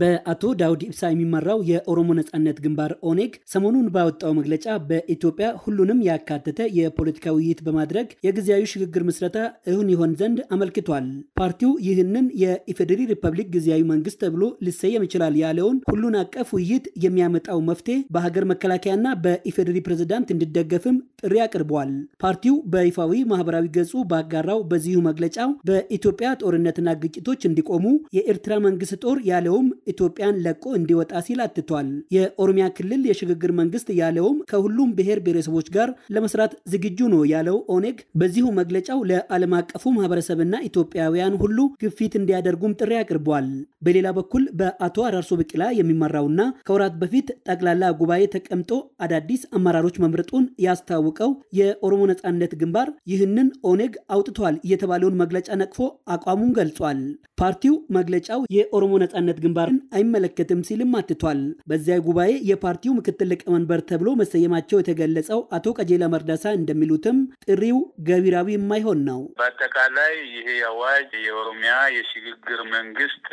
በአቶ ዳውድ ኢብሳ የሚመራው የኦሮሞ ነጻነት ግንባር ኦኔግ ሰሞኑን ባወጣው መግለጫ በኢትዮጵያ ሁሉንም ያካተተ የፖለቲካ ውይይት በማድረግ የጊዜያዊ ሽግግር ምስረታ እሁን ይሆን ዘንድ አመልክቷል። ፓርቲው ይህንን የኢፌዴሪ ሪፐብሊክ ጊዜያዊ መንግስት ተብሎ ሊሰየም ይችላል ያለውን ሁሉን አቀፍ ውይይት የሚያመጣው መፍትሄ በሀገር መከላከያና በኢፌዴሪ ፕሬዝዳንት እንዲደገፍም ጥሪ አቅርቧል። ፓርቲው በይፋዊ ማህበራዊ ገጹ ባጋራው በዚሁ መግለጫው በኢትዮጵያ ጦርነትና ግጭቶች እንዲቆሙ የኤርትራ መንግስት ጦር ያለውም ኢትዮጵያን ለቆ እንዲወጣ ሲል አትቷል። የኦሮሚያ ክልል የሽግግር መንግስት ያለውም ከሁሉም ብሔር ብሔረሰቦች ጋር ለመስራት ዝግጁ ነው ያለው ኦኔግ በዚሁ መግለጫው ለዓለም አቀፉ ማህበረሰብና ኢትዮጵያውያን ሁሉ ግፊት እንዲያደርጉም ጥሪ አቅርቧል። በሌላ በኩል በአቶ አራርሶ ብቅላ የሚመራውና ከወራት በፊት ጠቅላላ ጉባኤ ተቀምጦ አዳዲስ አመራሮች መምረጡን ያስታውቀው የኦሮሞ ነጻነት ግንባር ይህንን ኦኔግ አውጥቷል የተባለውን መግለጫ ነቅፎ አቋሙን ገልጿል። ፓርቲው መግለጫው የኦሮሞ ነጻነት ግንባር ኢትዮጵያን አይመለከትም ሲልም አትቷል። በዚያ ጉባኤ የፓርቲው ምክትል ሊቀመንበር ተብሎ መሰየማቸው የተገለጸው አቶ ቀጀላ መርዳሳ እንደሚሉትም ጥሪው ገቢራዊ የማይሆን ነው። በአጠቃላይ ይሄ አዋጅ የኦሮሚያ የሽግግር መንግስት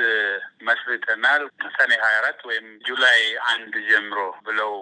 መስርተናል ሰኔ ሀያ አራት ወይም ጁላይ አንድ ጀምሮ ብለው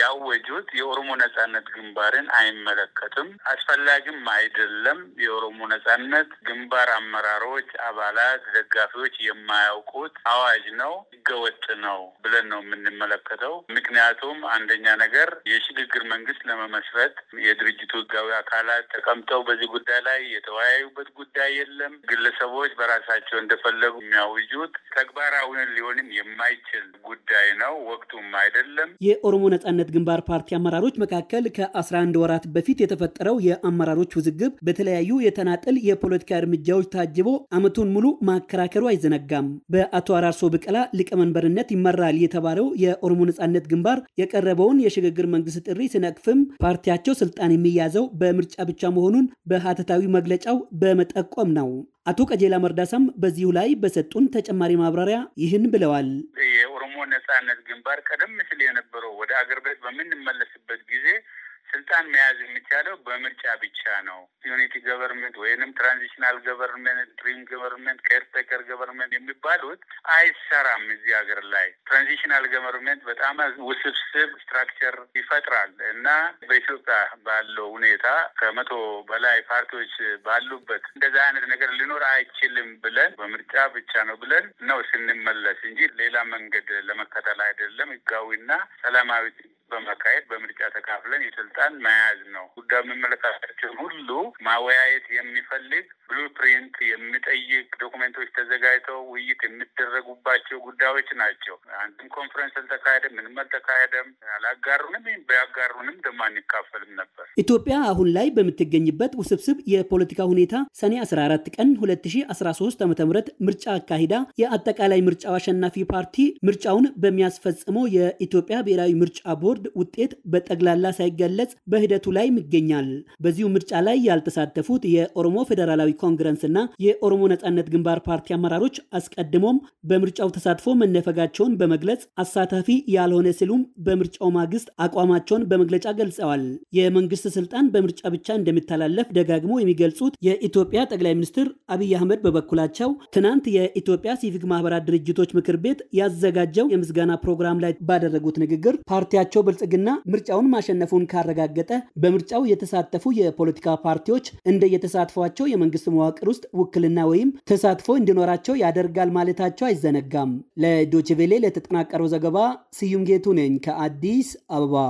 ያወጁት የኦሮሞ ነጻነት ግንባርን አይመለከትም፣ አስፈላጊም አይደለም። የኦሮሞ ነጻነት ግንባር አመራሮች፣ አባላት፣ ደጋፊዎች የማያውቁት አዋጅ ነው። ህገወጥ ነው ብለን ነው የምንመለከተው። ምክንያቱም አንደኛ ነገር የሽግግር መንግስት ለመመስረት የድርጅቱ ህጋዊ አካላት ተቀምጠው በዚህ ጉዳይ ላይ የተወያዩበት ጉዳይ የለም። ግለሰቦች በራሳቸው እንደፈለጉ የሚያውጁት ተግባራዊ ሊሆንም የማይችል ጉዳይ ነው፣ ወቅቱም አይደለም። የኦሮሞ ነጻነት ግንባር ፓርቲ አመራሮች መካከል ከአስራ አንድ ወራት በፊት የተፈጠረው የአመራሮች ውዝግብ በተለያዩ የተናጠል የፖለቲካ እርምጃዎች ታጅቦ አመቱን ሙሉ ማከራከሩ አይዘነጋም። በአቶ አራርሶ ብቀላ ሊቀመንበርነት ይመራል የተባለው የኦሮሞ ነጻነት ግንባር የቀረበውን የሽግግር መንግስት ጥሪ ስነቅፍም ፓርቲያቸው ስልጣን የሚያዘው በምርጫ ብቻ መሆኑን በሀተታዊ መግለጫው በመጠቆም ነው። አቶ ቀጀላ መርዳሳም በዚሁ ላይ በሰጡን ተጨማሪ ማብራሪያ ይህን ብለዋል። የኦሮሞ ነጻነት ግንባር ቀደም ሲል የነበረው ወደ አገር ቤት በምንመለስበት ስልጣን መያዝ የሚቻለው በምርጫ ብቻ ነው። ዩኒቲ ገቨርንመንት ወይንም ትራንዚሽናል ገቨርንመንት፣ ድሪም ገቨርንመንት፣ ኬርቴከር ገቨርንመንት የሚባሉት አይሰራም እዚህ ሀገር ላይ። ትራንዚሽናል ገቨርንመንት በጣም ውስብስብ ስትራክቸር ይፈጥራል እና በኢትዮጵያ ባለው ሁኔታ ከመቶ በላይ ፓርቲዎች ባሉበት እንደዛ አይነት ነገር ሊኖር አይችልም ብለን በምርጫ ብቻ ነው ብለን ነው ስንመለስ እንጂ ሌላ መንገድ ለመከተል አይደለም። ህጋዊና ሰላማዊ በማካሄድ በምርጫ ተካፍለን የስልጣን መያዝ ነው። ጉዳዩ የሚመለከታቸውን ሁሉ ማወያየት የሚፈልግ ብሉፕሪንት የሚጠይቅ ዶኩሜንቶች ተዘጋጅተው ውይይት የሚደረጉባቸው ጉዳዮች ናቸው። አንድም ኮንፈረንስ አልተካሄደም፣ ምንም አልተካሄደም። አላጋሩንም፣ ቢያጋሩንም ደግሞ አንካፈልም ነበር። ኢትዮጵያ አሁን ላይ በምትገኝበት ውስብስብ የፖለቲካ ሁኔታ ሰኔ 14 ቀን 2013 ዓ ም ምርጫ አካሂዳ የአጠቃላይ ምርጫው አሸናፊ ፓርቲ ምርጫውን በሚያስፈጽመው የኢትዮጵያ ብሔራዊ ምርጫ ቦርድ ቦርድ ውጤት በጠቅላላ ሳይገለጽ በሂደቱ ላይ ይገኛል። በዚሁ ምርጫ ላይ ያልተሳተፉት የኦሮሞ ፌዴራላዊ ኮንግረስና የኦሮሞ ነጻነት ግንባር ፓርቲ አመራሮች አስቀድሞም በምርጫው ተሳትፎ መነፈጋቸውን በመግለጽ አሳታፊ ያልሆነ ሲሉም በምርጫው ማግስት አቋማቸውን በመግለጫ ገልጸዋል። የመንግስት ስልጣን በምርጫ ብቻ እንደሚተላለፍ ደጋግሞ የሚገልጹት የኢትዮጵያ ጠቅላይ ሚኒስትር አብይ አህመድ በበኩላቸው ትናንት የኢትዮጵያ ሲቪክ ማህበራት ድርጅቶች ምክር ቤት ያዘጋጀው የምስጋና ፕሮግራም ላይ ባደረጉት ንግግር ፓርቲያቸው ብልጽግና ምርጫውን ማሸነፉን ካረጋገጠ በምርጫው የተሳተፉ የፖለቲካ ፓርቲዎች እንደ የተሳትፏቸው የመንግስት መዋቅር ውስጥ ውክልና ወይም ተሳትፎ እንዲኖራቸው ያደርጋል ማለታቸው አይዘነጋም። ለዶችቬሌ ለተጠናቀረው ዘገባ ስዩም ጌቱ ነኝ ከአዲስ አበባ።